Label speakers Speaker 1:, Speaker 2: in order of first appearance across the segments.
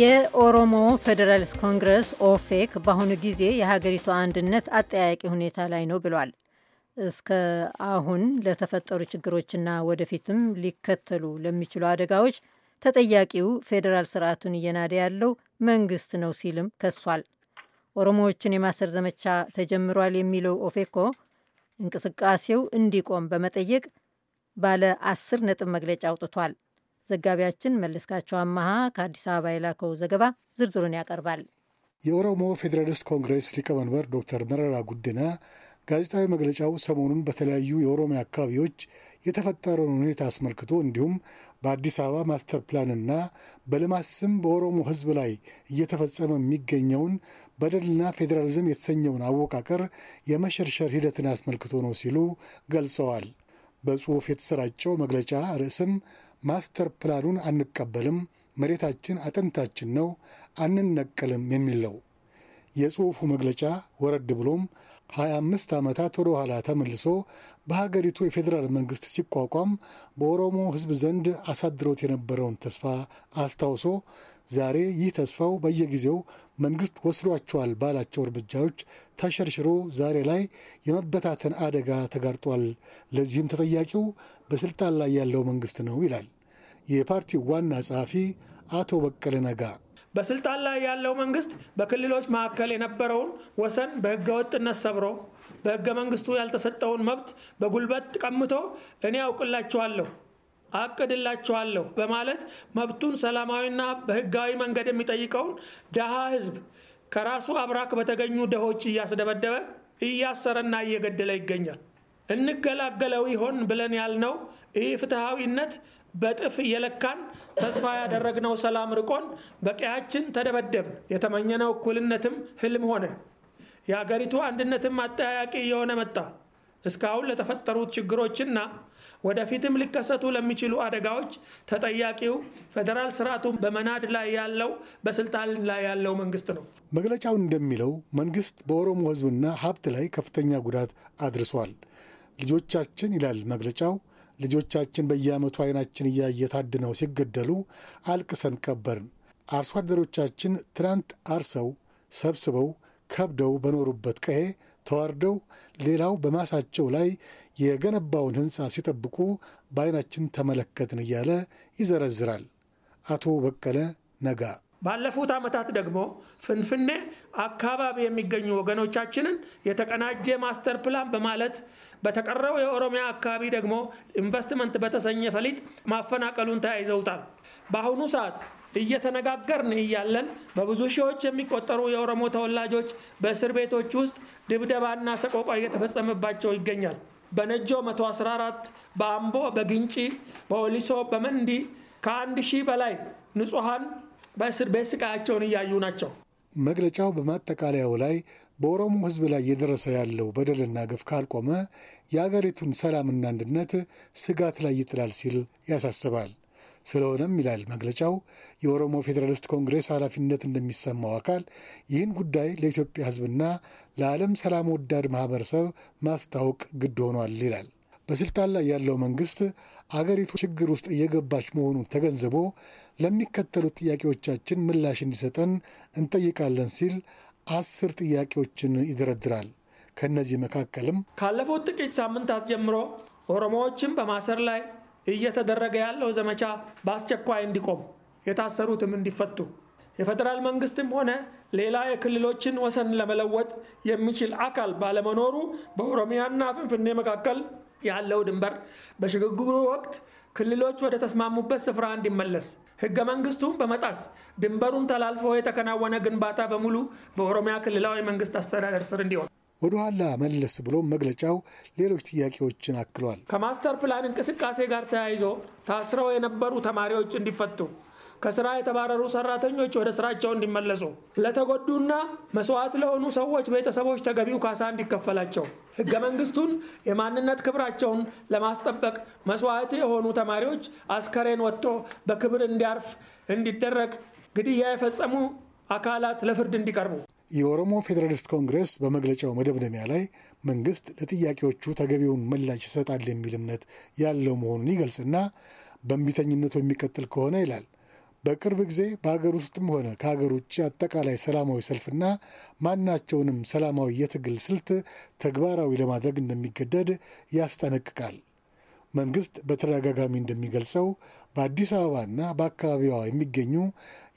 Speaker 1: የኦሮሞ ፌዴራልስ ኮንግረስ ኦፌክ በአሁኑ ጊዜ የሀገሪቱ አንድነት አጠያቂ ሁኔታ ላይ ነው ብሏል። እስከ አሁን ለተፈጠሩ ችግሮችና ወደፊትም ሊከተሉ ለሚችሉ አደጋዎች ተጠያቂው ፌዴራል ስርዓቱን እየናደ ያለው መንግስት ነው ሲልም ከሷል። ኦሮሞዎችን የማሰር ዘመቻ ተጀምሯል የሚለው ኦፌኮ እንቅስቃሴው እንዲቆም በመጠየቅ ባለ አስር ነጥብ መግለጫ አውጥቷል። ዘጋቢያችን መለስካቸው አመሃ ከአዲስ አበባ የላከው ዘገባ ዝርዝሩን ያቀርባል።
Speaker 2: የኦሮሞ ፌዴራሊስት ኮንግሬስ ሊቀመንበር ዶክተር መረራ ጉዲና ጋዜጣዊ መግለጫው ሰሞኑን በተለያዩ የኦሮሚያ አካባቢዎች የተፈጠረውን ሁኔታ አስመልክቶ እንዲሁም በአዲስ አበባ ማስተር ፕላንና በልማት ስም በኦሮሞ ሕዝብ ላይ እየተፈጸመ የሚገኘውን በደልና ፌዴራሊዝም የተሰኘውን አወቃቀር የመሸርሸር ሂደትን አስመልክቶ ነው ሲሉ ገልጸዋል። በጽሑፍ የተሰራጨው መግለጫ ርዕስም ማስተር ፕላኑን አንቀበልም፣ መሬታችን አጥንታችን ነው፣ አንነቀልም የሚል ነው። የጽሑፉ መግለጫ ወረድ ብሎም 25 ዓመታት ወደ ኋላ ተመልሶ በሀገሪቱ የፌዴራል መንግስት ሲቋቋም በኦሮሞ ሕዝብ ዘንድ አሳድሮት የነበረውን ተስፋ አስታውሶ ዛሬ ይህ ተስፋው በየጊዜው መንግስት ወስዷቸዋል ባላቸው እርምጃዎች ተሸርሽሮ ዛሬ ላይ የመበታተን አደጋ ተጋርጧል። ለዚህም ተጠያቂው በስልጣን ላይ ያለው መንግስት ነው ይላል። የፓርቲው ዋና ጸሐፊ አቶ በቀለ ነጋ
Speaker 1: በስልጣን ላይ ያለው መንግስት በክልሎች መካከል የነበረውን ወሰን በህገ ወጥነት ሰብሮ በህገ መንግስቱ ያልተሰጠውን መብት በጉልበት ቀምቶ እኔ አውቅላችኋለሁ፣ አቅድላችኋለሁ በማለት መብቱን ሰላማዊና በህጋዊ መንገድ የሚጠይቀውን ደሃ ህዝብ ከራሱ አብራክ በተገኙ ደሆች እያስደበደበ እያሰረና እየገደለ ይገኛል። እንገላገለው ይሆን ብለን ያልነው ይህ ፍትሐዊነት በጥፍ እየለካን ተስፋ ያደረግነው ሰላም ርቆን በቀያችን ተደበደብ። የተመኘነው እኩልነትም ህልም ሆነ። የአገሪቱ አንድነትም አጠያያቂ እየሆነ መጣ። እስካሁን ለተፈጠሩት ችግሮችና ወደፊትም ሊከሰቱ ለሚችሉ አደጋዎች ተጠያቂው ፌዴራል ስርዓቱ በመናድ ላይ ያለው በስልጣን ላይ ያለው መንግስት ነው።
Speaker 2: መግለጫው እንደሚለው መንግስት በኦሮሞ ህዝብና ሀብት ላይ ከፍተኛ ጉዳት አድርሷል። ልጆቻችን ይላል መግለጫው ልጆቻችን በየዓመቱ አይናችን እያየ ታድነው ሲገደሉ አልቅሰን ቀበርን። አርሶ አደሮቻችን ትናንት አርሰው ሰብስበው ከብደው በኖሩበት ቀሄ ተዋርደው ሌላው በማሳቸው ላይ የገነባውን ሕንፃ ሲጠብቁ በአይናችን ተመለከትን እያለ ይዘረዝራል አቶ በቀለ ነጋ።
Speaker 1: ባለፉት ዓመታት ደግሞ ፍንፍኔ አካባቢ የሚገኙ ወገኖቻችንን የተቀናጀ ማስተር ፕላን በማለት በተቀረው የኦሮሚያ አካባቢ ደግሞ ኢንቨስትመንት በተሰኘ ፈሊጥ ማፈናቀሉን ተያይዘውታል። በአሁኑ ሰዓት እየተነጋገርን እያለን በብዙ ሺዎች የሚቆጠሩ የኦሮሞ ተወላጆች በእስር ቤቶች ውስጥ ድብደባና ሰቆቋ እየተፈጸመባቸው ይገኛል። በነጆ 114 በአምቦ በግንጪ በወሊሶ በመንዲ ከአንድ ሺህ በላይ ንጹሐን በእስር ቤት ስቃያቸውን እያዩ ናቸው።
Speaker 2: መግለጫው በማጠቃለያው ላይ በኦሮሞ ሕዝብ ላይ እየደረሰ ያለው በደልና ግፍ ካልቆመ የአገሪቱን ሰላምና አንድነት ስጋት ላይ ይጥላል ሲል ያሳስባል። ስለሆነም ይላል መግለጫው የኦሮሞ ፌዴራሊስት ኮንግሬስ ኃላፊነት እንደሚሰማው አካል ይህን ጉዳይ ለኢትዮጵያ ሕዝብና ለዓለም ሰላም ወዳድ ማህበረሰብ ማስታወቅ ግድ ሆኗል ይላል። በስልጣን ላይ ያለው መንግስት አገሪቱ ችግር ውስጥ እየገባች መሆኑን ተገንዝቦ ለሚከተሉት ጥያቄዎቻችን ምላሽ እንዲሰጠን እንጠይቃለን ሲል አስር ጥያቄዎችን ይደረድራል። ከእነዚህ መካከልም
Speaker 1: ካለፉት ጥቂት ሳምንታት ጀምሮ ኦሮሞዎችን በማሰር ላይ እየተደረገ ያለው ዘመቻ በአስቸኳይ እንዲቆም፣ የታሰሩትም እንዲፈቱ የፌዴራል መንግስትም ሆነ ሌላ የክልሎችን ወሰን ለመለወጥ የሚችል አካል ባለመኖሩ በኦሮሚያና ፍንፍኔ መካከል ያለው ድንበር በሽግግሩ ወቅት ክልሎች ወደ ተስማሙበት ስፍራ እንዲመለስ ህገ መንግስቱን በመጣስ ድንበሩን ተላልፎ የተከናወነ ግንባታ በሙሉ በኦሮሚያ ክልላዊ መንግስት አስተዳደር ስር እንዲሆን
Speaker 2: ወደኋላ መለስ ብሎ መግለጫው ሌሎች ጥያቄዎችን አክሏል።
Speaker 1: ከማስተር ፕላን እንቅስቃሴ ጋር ተያይዞ ታስረው የነበሩ ተማሪዎች እንዲፈቱ ከስራ የተባረሩ ሰራተኞች ወደ ስራቸው እንዲመለሱ፣ ለተጎዱና መስዋዕት ለሆኑ ሰዎች ቤተሰቦች ተገቢው ካሳ እንዲከፈላቸው፣ ህገ መንግስቱን የማንነት ክብራቸውን ለማስጠበቅ መስዋዕት የሆኑ ተማሪዎች አስከሬን ወጥቶ በክብር እንዲያርፍ እንዲደረግ፣ ግድያ የፈጸሙ አካላት ለፍርድ እንዲቀርቡ።
Speaker 2: የኦሮሞ ፌዴራሊስት ኮንግሬስ በመግለጫው መደምደሚያ ላይ መንግስት ለጥያቄዎቹ ተገቢውን ምላሽ ይሰጣል የሚል እምነት ያለው መሆኑን ይገልጽና በእምቢተኝነቱ የሚቀጥል ከሆነ ይላል በቅርብ ጊዜ በሀገር ውስጥም ሆነ ከሀገር ውጭ አጠቃላይ ሰላማዊ ሰልፍና ማናቸውንም ሰላማዊ የትግል ስልት ተግባራዊ ለማድረግ እንደሚገደድ ያስጠነቅቃል። መንግስት በተደጋጋሚ እንደሚገልጸው በአዲስ አበባና በአካባቢዋ የሚገኙ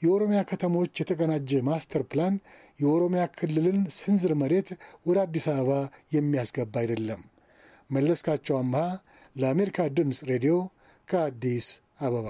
Speaker 2: የኦሮሚያ ከተሞች የተቀናጀ ማስተር ፕላን የኦሮሚያ ክልልን ስንዝር መሬት ወደ አዲስ አበባ የሚያስገባ አይደለም። መለስካቸው አምሃ ለአሜሪካ ድምፅ ሬዲዮ ከአዲስ አበባ